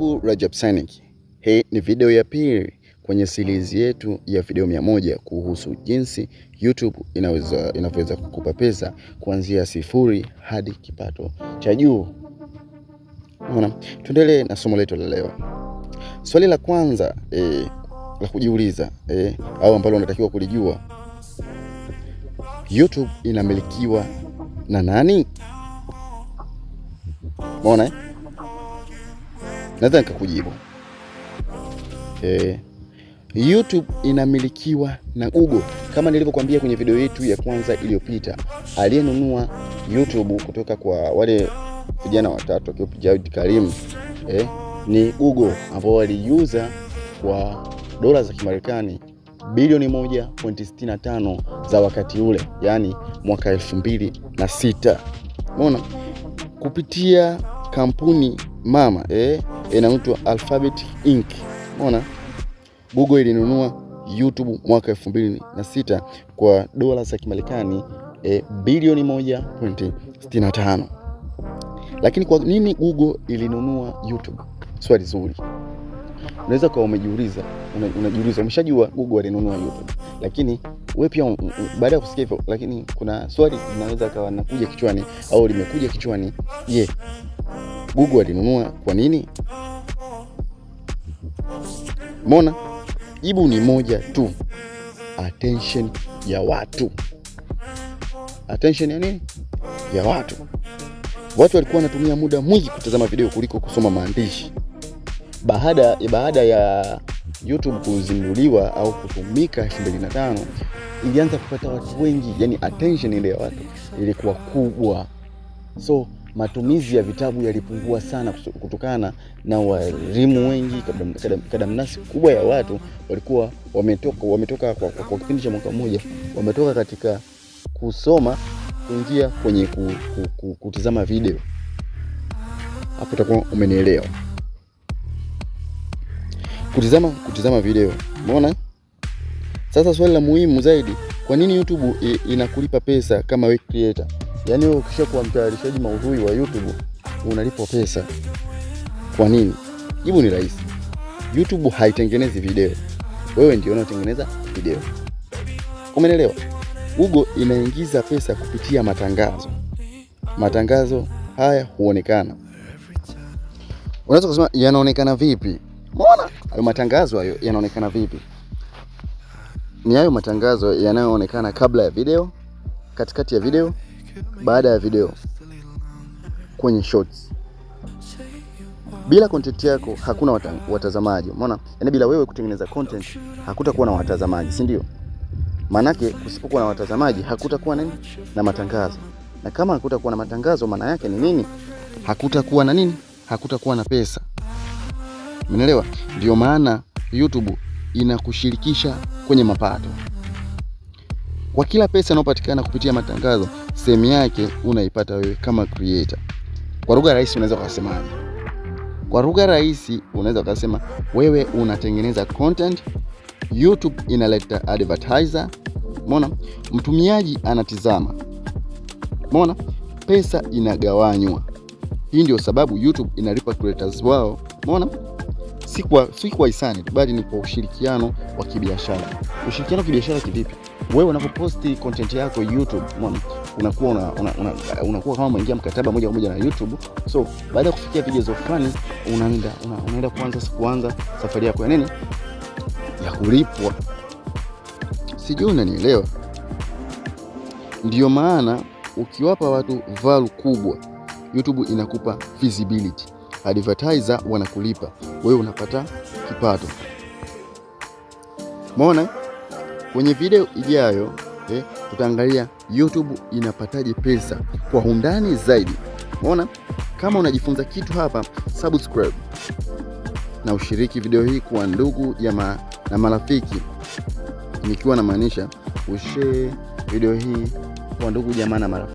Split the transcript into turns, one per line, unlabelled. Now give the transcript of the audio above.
Babu Rajab Synic. Hii ni video ya pili kwenye series yetu ya video mia moja kuhusu jinsi YouTube inaweza inavyoweza kukupa pesa kuanzia sifuri hadi kipato cha juu. Unaona, tuendelee na somo letu la leo. Swali la kwanza eh, la kujiuliza eh, au ambalo unatakiwa kulijua, YouTube inamilikiwa na nani? Umeona eh? naweza nikakujibu. E, YouTube inamilikiwa na Google kama nilivyokuambia kwenye video yetu ya kwanza iliyopita. Aliyenunua YouTube kutoka kwa wale vijana watatu akiwa Jawed Karim eh, ni Google ambao waliuza kwa dola za Kimarekani bilioni 1.65 za wakati ule, yaani mwaka 2006. Umeona, kupitia kampuni mama eh, inaitwa Alphabet Inc. Unaona? Google ilinunua YouTube mwaka 2006 kwa dola za Kimarekani e, bilioni 1.65. Lakini kwa nini Google ilinunua YouTube? Swali zuri. Unaweza kuwa umejiuliza, unajiuliza, umeshajua Google alinunua YouTube. Lakini wewe pia baada ya kusikia hivyo, lakini kuna swali linaweza kawa nakuja kichwani au limekuja kichwani. Je, yeah. Google alinunua kwa nini? Mona, jibu ni moja tu, attention ya watu. Attention ya nini? Ya watu. Watu walikuwa wanatumia muda mwingi kutazama video kuliko kusoma maandishi. Baada baada ya YouTube kuzinduliwa au kutumika 2005 ilianza kupata watu wengi, yani attention ile ya watu ilikuwa kubwa, so matumizi ya vitabu yalipungua sana kutokana na walimu wengi, kadamnasi kubwa ya watu walikuwa wametoka, wametoka kwa, kwa, kwa kipindi cha mwaka mmoja wametoka katika kusoma kuingia kwenye ku, ku, ku, kutizama video. Hapo utakuwa umenielewa. Kutizama kutizama video, mona Sasa swali la muhimu zaidi, kwa nini YouTube inakulipa pesa kama web creator? Yaani wewe kuwa mtayarishaji maudhui wa YouTube unalipwa pesa. Kwa nini? Jibu ni rahisi. YouTube haitengenezi video, wewe ndio unaotengeneza video. Umenelewa? Google inaingiza pesa kupitia matangazo. Matangazo haya huonekana. Unaweza kusema yanaonekana vipi? Umeona hayo matangazo hayo yanaonekana vipi? Ni hayo matangazo yanayoonekana kabla ya video, katikati ya video baada ya video kwenye shorts. Bila content yako hakuna wata, watazamaji. Umeona? Yaani bila wewe kutengeneza content hakutakuwa na watazamaji, si ndio? Maanake kusipokuwa na watazamaji hakutakuwa nini? Na matangazo. Na kama hakutakuwa na matangazo maana yake ni nini? Hakutakuwa na nini? Hakutakuwa na pesa. Umeelewa? Ndio maana YouTube inakushirikisha kwenye mapato. Kwa kila pesa inayopatikana kupitia matangazo, sehemu yake unaipata wewe kama creator. Kwa lugha rahisi unaweza ukasemaje? Kwa lugha rahisi unaweza ukasema wewe unatengeneza content, YouTube inaleta advertiser, Mona, Mtumiaji anatizama, Mona, Pesa inagawanywa. Hii ndio sababu YouTube inalipa creators wao, Mona, Si kwa si kwa hisani bali ni kwa ushirikiano wa kibiashara. Ushirikiano wa kibiashara kivipi? wewe unapoposti content yako YouTube unakuwa una, una, una, unakuwa kama umeingia mkataba moja kwa moja na YouTube. So baada ya kufikia vigezo fulani, unaenda una, unaenda kuanza kuanza safari yako ya nini ya kulipwa. Sijui unanielewa? Ndio maana ukiwapa watu value kubwa, YouTube inakupa visibility, advertiser wanakulipa, wewe unapata kipato. Umeona? Kwenye video ijayo eh, tutaangalia YouTube inapataje pesa kwa undani zaidi. ona kama unajifunza kitu hapa, subscribe na ushiriki video hii kwa ndugu jamaa na marafiki, nikiwa namaanisha ushare video hii kwa ndugu jamaa na marafiki.